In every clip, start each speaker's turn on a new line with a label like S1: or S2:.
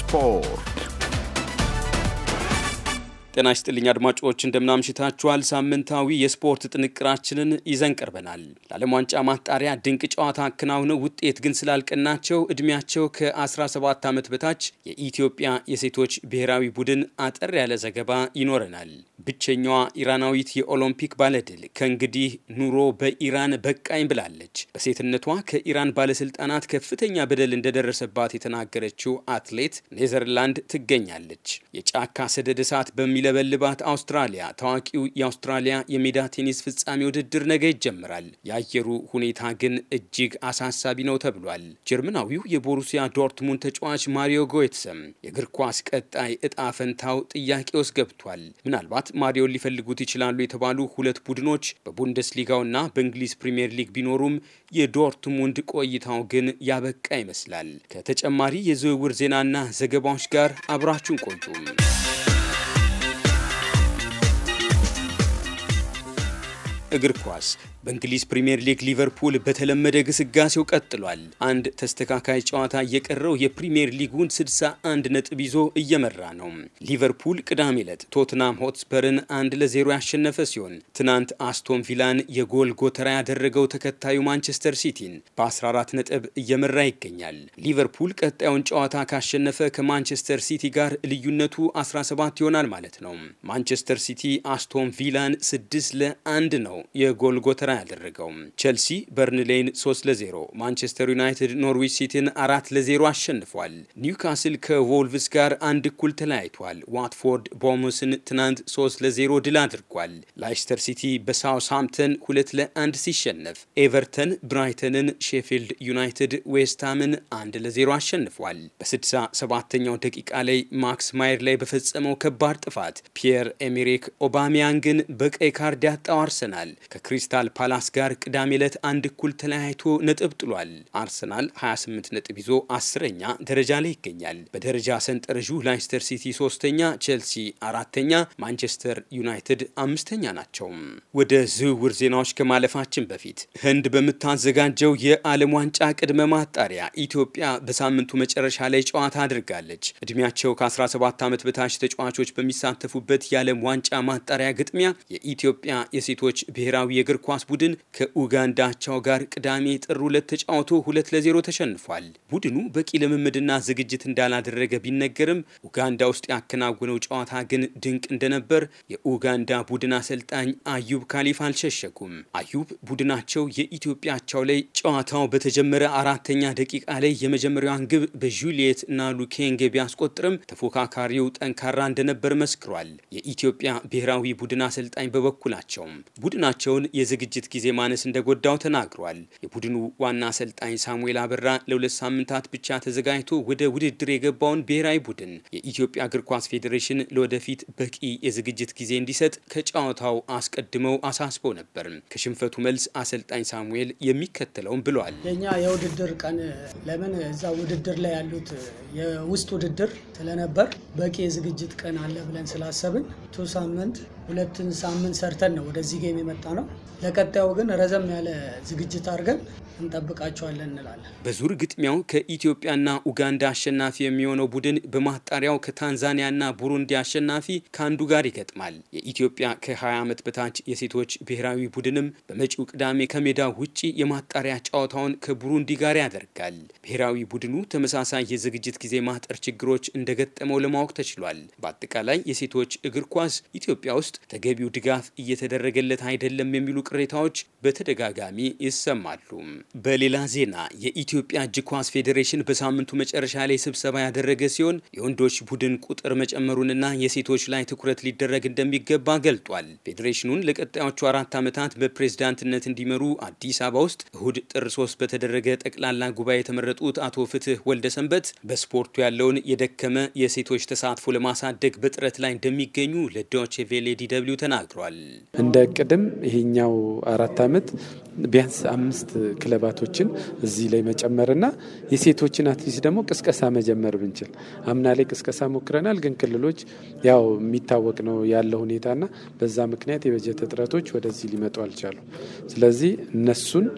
S1: ስፖርት ጤና ይስጥልኝ አድማጮች፣ እንደምናምሽታችኋል። ሳምንታዊ የስፖርት ጥንቅራችንን ይዘን ቀርበናል። ለዓለም ዋንጫ ማጣሪያ ድንቅ ጨዋታ አከናውነው ውጤት ግን ስላልቀናቸው ዕድሜያቸው ከ17 ዓመት በታች የኢትዮጵያ የሴቶች ብሔራዊ ቡድን አጠር ያለ ዘገባ ይኖረናል። ብቸኛዋ ኢራናዊት የኦሎምፒክ ባለድል ከእንግዲህ ኑሮ በኢራን በቃኝ ብላለች። በሴትነቷ ከኢራን ባለስልጣናት ከፍተኛ በደል እንደደረሰባት የተናገረችው አትሌት ኔዘርላንድ ትገኛለች። የጫካ ሰደድ እሳት በሚለበልባት አውስትራሊያ ታዋቂው የአውስትራሊያ የሜዳ ቴኒስ ፍጻሜ ውድድር ነገ ይጀምራል። የአየሩ ሁኔታ ግን እጅግ አሳሳቢ ነው ተብሏል። ጀርመናዊው የቦሩሲያ ዶርትሙንድ ተጫዋች ማሪዮ ጎይትሰም የእግር ኳስ ቀጣይ እጣ ፈንታው ጥያቄ ውስጥ ገብቷል። ምናልባት ማዲዮን ሊፈልጉት ይችላሉ የተባሉ ሁለት ቡድኖች በቡንደስሊጋውና በእንግሊዝ ፕሪምየር ሊግ ቢኖሩም የዶርትሙንድ ቆይታው ግን ያበቃ ይመስላል። ከተጨማሪ የዝውውር ዜናና ዘገባዎች ጋር አብራችሁን ቆዩም። እግር ኳስ በእንግሊዝ ፕሪምየር ሊግ ሊቨርፑል በተለመደ ግስጋሴው ቀጥሏል። አንድ ተስተካካይ ጨዋታ የቀረው የፕሪምየር ሊጉን 61 ነጥብ ይዞ እየመራ ነው። ሊቨርፑል ቅዳሜ ዕለት ቶትናም ሆትስፐርን አንድ ለዜሮ ያሸነፈ ሲሆን ትናንት አስቶን ቪላን የጎል ጎተራ ያደረገው ተከታዩ ማንቸስተር ሲቲን በ14 ነጥብ እየመራ ይገኛል። ሊቨርፑል ቀጣዩን ጨዋታ ካሸነፈ ከማንቸስተር ሲቲ ጋር ልዩነቱ 17 ይሆናል ማለት ነው። ማንቸስተር ሲቲ አስቶን ቪላን 6 ለአንድ ነው የጎል ጎተራ ቁጥጥር አያደረገውም። ቼልሲ በርንሌይን 3 ለ0፣ ማንቸስተር ዩናይትድ ኖርዊች ሲቲን አራት ለ0 አሸንፏል። ኒውካስል ከቮልቭስ ጋር አንድ እኩል ተለያይቷል። ዋትፎርድ ቦሞስን ትናንት 3 ለ0 ድል አድርጓል። ላይስተር ሲቲ በሳውስሃምፕተን 2 ለ1 ሲሸነፍ፣ ኤቨርተን ብራይተንን፣ ሼፊልድ ዩናይትድ ዌስትሃምን አንድ ለ0 አሸንፏል። በ67ኛው ደቂቃ ላይ ማክስ ማየር ላይ በፈጸመው ከባድ ጥፋት ፒየር ኤሜሪክ ኦባሚያንግን በቀይ ካርድ ያጣው አርሰናል ከክሪስታል ፓላስ ጋር ቅዳሜ ዕለት አንድ እኩል ተለያይቶ ነጥብ ጥሏል። አርሰናል 28 ነጥብ ይዞ አስረኛ ደረጃ ላይ ይገኛል። በደረጃ ሰንጠረዡ ላይስተር ሲቲ ሶስተኛ፣ ቼልሲ አራተኛ፣ ማንቸስተር ዩናይትድ አምስተኛ ናቸው። ወደ ዝውውር ዜናዎች ከማለፋችን በፊት ህንድ በምታዘጋጀው የዓለም ዋንጫ ቅድመ ማጣሪያ ኢትዮጵያ በሳምንቱ መጨረሻ ላይ ጨዋታ አድርጋለች። እድሜያቸው ከ17 ዓመት በታች ተጫዋቾች በሚሳተፉበት የዓለም ዋንጫ ማጣሪያ ግጥሚያ የኢትዮጵያ የሴቶች ብሔራዊ የእግር ኳስ ቡድን ከኡጋንዳ አቻው ጋር ቅዳሜ ጥር ሁለት ተጫውቶ ሁለት ለዜሮ ተሸንፏል። ቡድኑ በቂ ልምምድና ዝግጅት እንዳላደረገ ቢነገርም ኡጋንዳ ውስጥ ያከናወነው ጨዋታ ግን ድንቅ እንደነበር የኡጋንዳ ቡድን አሰልጣኝ አዩብ ካሊፍ አልሸሸጉም። አዩብ ቡድናቸው የኢትዮጵያ አቻው ላይ ጨዋታው በተጀመረ አራተኛ ደቂቃ ላይ የመጀመሪያዋን ግብ በጁልየት እና ሉኬንግ ቢያስቆጥርም ተፎካካሪው ጠንካራ እንደነበር መስክሯል። የኢትዮጵያ ብሔራዊ ቡድን አሰልጣኝ በበኩላቸውም ቡድናቸውን የዝግጅት የዝግጅት ጊዜ ማነስ እንደጎዳው ተናግሯል። የቡድኑ ዋና አሰልጣኝ ሳሙኤል አበራ ለሁለት ሳምንታት ብቻ ተዘጋጅቶ ወደ ውድድር የገባውን ብሔራዊ ቡድን የኢትዮጵያ እግር ኳስ ፌዴሬሽን ለወደፊት በቂ የዝግጅት ጊዜ እንዲሰጥ ከጨዋታው አስቀድመው አሳስቦ ነበር። ከሽንፈቱ መልስ አሰልጣኝ ሳሙኤል የሚከተለውን ብሏል። የኛ የውድድር ቀን ለምን እዛ ውድድር ላይ ያሉት የውስጥ ውድድር ስለነበር በቂ የዝግጅት ቀን አለ ብለን ስላሰብን ቱ ሳምንት ሁለትን ሳምንት ሰርተን ነው ወደዚህ ጌም የመጣ ነው። ለቀ ለተከታዩ ግን ረዘም ያለ ዝግጅት አድርገን እንጠብቃቸዋለን እንላለን። በዙር ግጥሚያው ከኢትዮጵያና ኡጋንዳ አሸናፊ የሚሆነው ቡድን በማጣሪያው ከታንዛኒያና ቡሩንዲ አሸናፊ ከአንዱ ጋር ይገጥማል። የኢትዮጵያ ከ20 ዓመት በታች የሴቶች ብሔራዊ ቡድንም በመጪው ቅዳሜ ከሜዳ ውጪ የማጣሪያ ጨዋታውን ከቡሩንዲ ጋር ያደርጋል። ብሔራዊ ቡድኑ ተመሳሳይ የዝግጅት ጊዜ ማጠር ችግሮች እንደገጠመው ለማወቅ ተችሏል። በአጠቃላይ የሴቶች እግር ኳስ ኢትዮጵያ ውስጥ ተገቢው ድጋፍ እየተደረገለት አይደለም የሚሉ ቅሬታ ጩኸታዎች በተደጋጋሚ ይሰማሉ። በሌላ ዜና የኢትዮጵያ እጅ ኳስ ፌዴሬሽን በሳምንቱ መጨረሻ ላይ ስብሰባ ያደረገ ሲሆን የወንዶች ቡድን ቁጥር መጨመሩንና የሴቶች ላይ ትኩረት ሊደረግ እንደሚገባ ገልጧል። ፌዴሬሽኑን ለቀጣዮቹ አራት ዓመታት በፕሬዝዳንትነት እንዲመሩ አዲስ አበባ ውስጥ እሁድ ጥር ሶስት በተደረገ ጠቅላላ ጉባኤ የተመረጡት አቶ ፍትህ ወልደ ሰንበት በስፖርቱ ያለውን የደከመ የሴቶች ተሳትፎ ለማሳደግ በጥረት ላይ እንደሚገኙ ለዶቼ ቬሌ ዲ ተናግሯል። እንደ ቅድም ይሄኛው አራት ዓመት ቢያንስ አምስት ክለባቶችን እዚህ ላይ መጨመርና የሴቶችን አትሊስት ደግሞ ቅስቀሳ መጀመር ብንችል። አምና ላይ ቅስቀሳ ሞክረናል፣ ግን ክልሎች ያው የሚታወቅ ነው ያለ ሁኔታና በዛ ምክንያት የበጀት እጥረቶች ወደዚህ ሊመጡ አልቻሉ። ስለዚህ እነሱን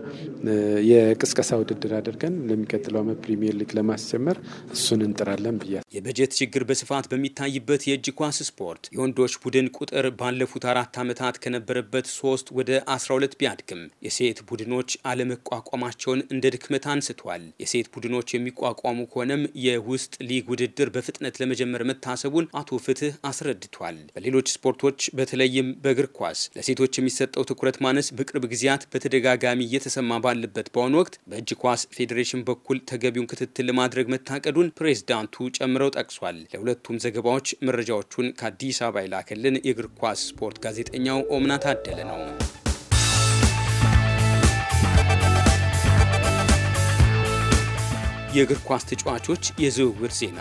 S1: የቅስቀሳ ውድድር አድርገን ለሚቀጥለው ዓመት ፕሪሚየር ሊግ ለማስጀመር እሱን እንጥራለን ብያል። የበጀት ችግር በስፋት በሚታይበት የእጅ ኳስ ስፖርት የወንዶች ቡድን ቁጥር ባለፉት አራት ዓመታት ከነበረበት ሶስት ወደ 12 ሁለት ቢያድግም የሴት ቡድኖች አለመቋቋማቸውን እንደ ድክመት አንስቷል። የሴት ቡድኖች የሚቋቋሙ ከሆነም የውስጥ ሊግ ውድድር በፍጥነት ለመጀመር መታሰቡን አቶ ፍትህ አስረድቷል። በሌሎች ስፖርቶች በተለይም በእግር ኳስ ለሴቶች የሚሰጠው ትኩረት ማነስ በቅርብ ጊዜያት በተደጋጋሚ እየተሰማ ባለበት በአሁኑ ወቅት በእጅ ኳስ ፌዴሬሽን በኩል ተገቢውን ክትትል ለማድረግ መታቀዱን ፕሬዝዳንቱ ጨምረው ጠቅሷል። ለሁለቱም ዘገባዎች መረጃዎቹን ከአዲስ አበባ ይላከልን የእግር ኳስ ስፖርት ጋዜጠኛው ኦምናት አደለ ነው። የእግር ኳስ ተጫዋቾች የዝውውር ዜና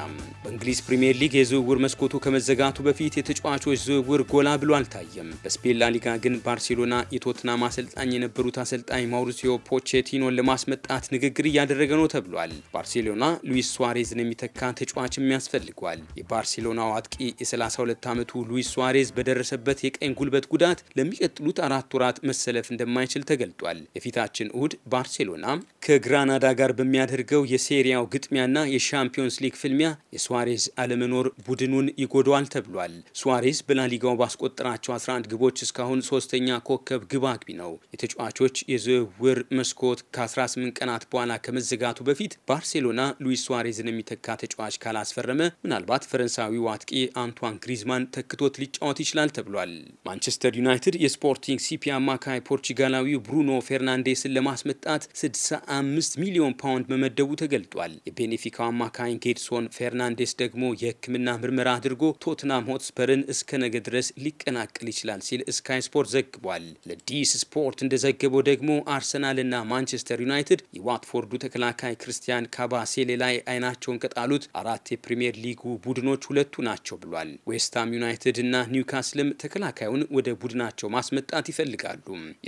S1: በእንግሊዝ ፕሪምየር ሊግ የዝውውር መስኮቱ ከመዘጋቱ በፊት የተጫዋቾች ዝውውር ጎላ ብሎ አልታየም። በስፔን ላሊጋ ግን ባርሴሎና የቶትናም አሰልጣኝ የነበሩት አሰልጣኝ ማውሪሲዮ ፖቼቲኖን ለማስመጣት ንግግር እያደረገ ነው ተብሏል። ባርሴሎና ሉዊስ ሱዋሬዝን የሚተካ ተጫዋችም ያስፈልጓል። የባርሴሎናው አጥቂ የ32 ዓመቱ ሉዊስ ሱዋሬዝ በደረሰበት የቀኝ ጉልበት ጉዳት ለሚቀጥሉት አራት ወራት መሰለፍ እንደማይችል ተገልጧል። የፊታችን እሁድ ባርሴሎና ከግራናዳ ጋር በሚያደርገው የሴሪያው ግጥሚያና የሻምፒዮንስ ሊግ ፍልሚያ ሱዋሬዝ አለመኖር ቡድኑን ይጎዳዋል ተብሏል። ሱዋሬዝ በላሊጋው ባስቆጠራቸው 11 ግቦች እስካሁን ሶስተኛ ኮከብ ግብ አግቢ ነው። የተጫዋቾች የዝውውር መስኮት ከ18 ቀናት በኋላ ከመዘጋቱ በፊት ባርሴሎና ሉዊስ ሱዋሬዝን የሚተካ ተጫዋች ካላስፈረመ ምናልባት ፈረንሳዊው አጥቂ አንቷን ግሪዝማን ተክቶት ሊጫወት ይችላል ተብሏል። ማንቸስተር ዩናይትድ የስፖርቲንግ ሲፒ አማካይ ፖርቹጋላዊው ብሩኖ ፌርናንዴስን ለማስመጣት 65 ሚሊዮን ፓውንድ መመደቡ ተገልጧል። የቤኔፊካው አማካይ ጌድሶን ፌርናንዴስ ፖሊስ ደግሞ የሕክምና ምርመራ አድርጎ ቶትናም ሆትስፐርን እስከ ነገ ድረስ ሊቀናቀል ይችላል ሲል ስካይ ስፖርት ዘግቧል። ለዲስ ስፖርት እንደዘገበው ደግሞ አርሰናልና ማንቸስተር ዩናይትድ የዋትፎርዱ ተከላካይ ክርስቲያን ካባሴሌ ላይ አይናቸውን ከጣሉት አራት የፕሪምየር ሊጉ ቡድኖች ሁለቱ ናቸው ብሏል። ዌስትሃም ዩናይትድ እና ኒውካስልም ተከላካዩን ወደ ቡድናቸው ማስመጣት ይፈልጋሉ።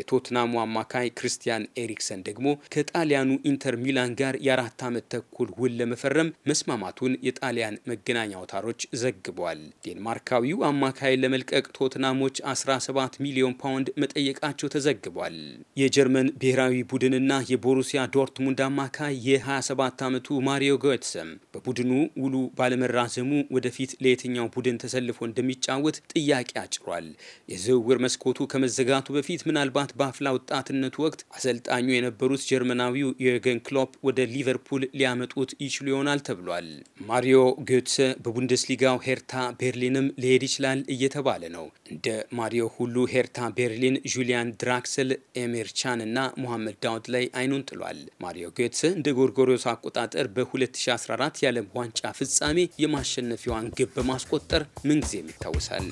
S1: የቶትናሙ አማካይ ክርስቲያን ኤሪክሰን ደግሞ ከጣሊያኑ ኢንተር ሚላን ጋር የአራት ዓመት ተኩል ውል ለመፈረም መስማማቱን የጣሊያ የጣሊያን መገናኛ አውታሮች ዘግቧል። ዴንማርካዊው አማካይ ለመልቀቅ ቶትናሞች 17 ሚሊዮን ፓውንድ መጠየቃቸው ተዘግቧል። የጀርመን ብሔራዊ ቡድንና የቦሩሲያ ዶርትሙንድ አማካይ የ27 ዓመቱ ማሪዮ ጎትሰም በቡድኑ ውሉ ባለመራዘሙ ወደፊት ለየትኛው ቡድን ተሰልፎ እንደሚጫወት ጥያቄ አጭሯል። የዝውውር መስኮቱ ከመዘጋቱ በፊት ምናልባት በአፍላ ወጣትነቱ ወቅት አሰልጣኙ የነበሩት ጀርመናዊው የገን ክሎፕ ወደ ሊቨርፑል ሊያመጡት ይችሉ ይሆናል ተብሏል። ማሪዮ ጎትሰ በቡንደስሊጋው ሄርታ ቤርሊንም ሊሄድ ይችላል እየተባለ ነው። እንደ ማሪዮ ሁሉ ሄርታ ቤርሊን ጁሊያን ድራክስል፣ ኤሚር ቻን እና ሞሐመድ ዳውድ ላይ አይኑን ጥሏል። ማሪዮ ጎትሰ እንደ ጎርጎሪዮስ አቆጣጠር በ2014 የዓለም ዋንጫ ፍጻሜ የማሸነፊያዋን ግብ በማስቆጠር ምንጊዜም ይታወሳል።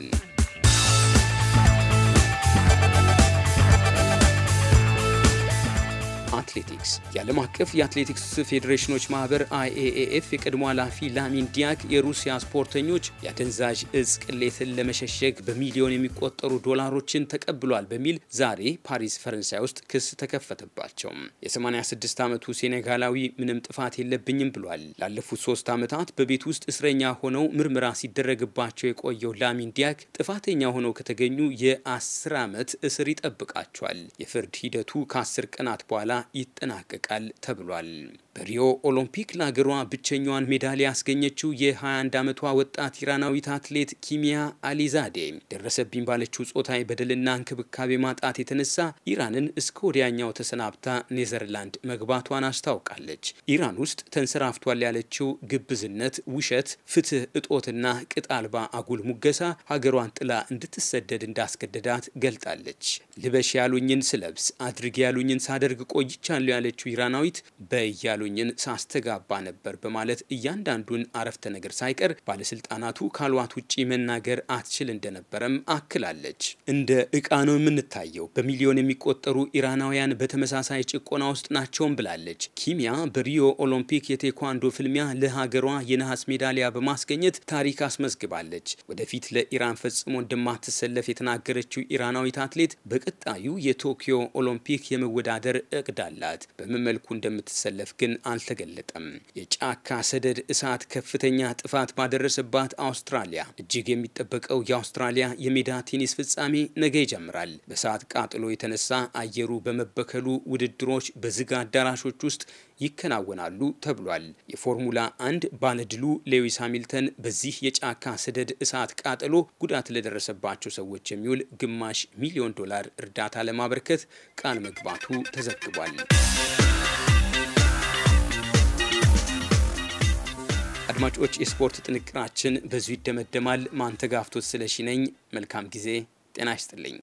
S1: አትሌቲክስ የዓለም አቀፍ የአትሌቲክስ ፌዴሬሽኖች ማህበር አይኤኤኤፍ የቀድሞ ኃላፊ ላሚን ዲያክ የሩሲያ ስፖርተኞች የአደንዛዥ እጽ ቅሌትን ለመሸሸግ በሚሊዮን የሚቆጠሩ ዶላሮችን ተቀብሏል በሚል ዛሬ ፓሪስ ፈረንሳይ ውስጥ ክስ ተከፈተባቸው። የ86 ዓመቱ ሴኔጋላዊ ምንም ጥፋት የለብኝም ብሏል። ላለፉት ሶስት ዓመታት በቤት ውስጥ እስረኛ ሆነው ምርመራ ሲደረግባቸው የቆየው ላሚን ዲያክ ጥፋተኛ ሆነው ከተገኙ የ10 ዓመት እስር ይጠብቃቸዋል። የፍርድ ሂደቱ ከ10 ቀናት በኋላ ይጠናቀቃል። ይጠብቃል ተብሏል። በሪዮ ኦሎምፒክ ለአገሯ ብቸኛዋን ሜዳሊያ ያስገኘችው የ21 ዓመቷ ወጣት ኢራናዊት አትሌት ኪሚያ አሊዛዴ ደረሰብኝ ባለችው ጾታዊ በደልና እንክብካቤ ማጣት የተነሳ ኢራንን እስከ ወዲያኛው ተሰናብታ ኔዘርላንድ መግባቷን አስታውቃለች። ኢራን ውስጥ ተንሰራፍቷል ያለችው ግብዝነት፣ ውሸት፣ ፍትህ እጦትና ቅጥ አልባ አጉል ሙገሳ ሀገሯን ጥላ እንድትሰደድ እንዳስገደዳት ገልጣለች። ልበሽ ያሉኝን ስለብስ፣ አድርግ ያሉኝን ሳደርግ ቆይቻለሁ ያለችው ኢራናዊት በያ ያሉኝን ሳስተጋባ ነበር በማለት እያንዳንዱን አረፍተ ነገር ሳይቀር ባለስልጣናቱ ካሏት ውጪ መናገር አትችል እንደነበረም አክላለች። እንደ እቃ ነው የምንታየው፣ በሚሊዮን የሚቆጠሩ ኢራናውያን በተመሳሳይ ጭቆና ውስጥ ናቸውም ብላለች። ኪሚያ በሪዮ ኦሎምፒክ የቴኳንዶ ፍልሚያ ለሀገሯ የነሐስ ሜዳሊያ በማስገኘት ታሪክ አስመዝግባለች። ወደፊት ለኢራን ፈጽሞ እንደማትሰለፍ የተናገረችው ኢራናዊት አትሌት በቀጣዩ የቶኪዮ ኦሎምፒክ የመወዳደር እቅድ አላት። በምን መልኩ እንደምትሰለፍ ግን ግን አልተገለጠም። የጫካ ሰደድ እሳት ከፍተኛ ጥፋት ባደረሰባት አውስትራሊያ እጅግ የሚጠበቀው የአውስትራሊያ የሜዳ ቴኒስ ፍጻሜ ነገ ይጀምራል። በእሳት ቃጥሎ የተነሳ አየሩ በመበከሉ ውድድሮች በዝግ አዳራሾች ውስጥ ይከናወናሉ ተብሏል። የፎርሙላ አንድ ባለድሉ ሌዊስ ሃሚልተን በዚህ የጫካ ሰደድ እሳት ቃጠሎ ጉዳት ለደረሰባቸው ሰዎች የሚውል ግማሽ ሚሊዮን ዶላር እርዳታ ለማበርከት ቃል መግባቱ ተዘግቧል። አድማጮች፣ የስፖርት ጥንቅራችን በዙ ይደመደማል። ማንተጋፍቶት ስለሺ ነኝ። መልካም ጊዜ። ጤና ይስጥልኝ።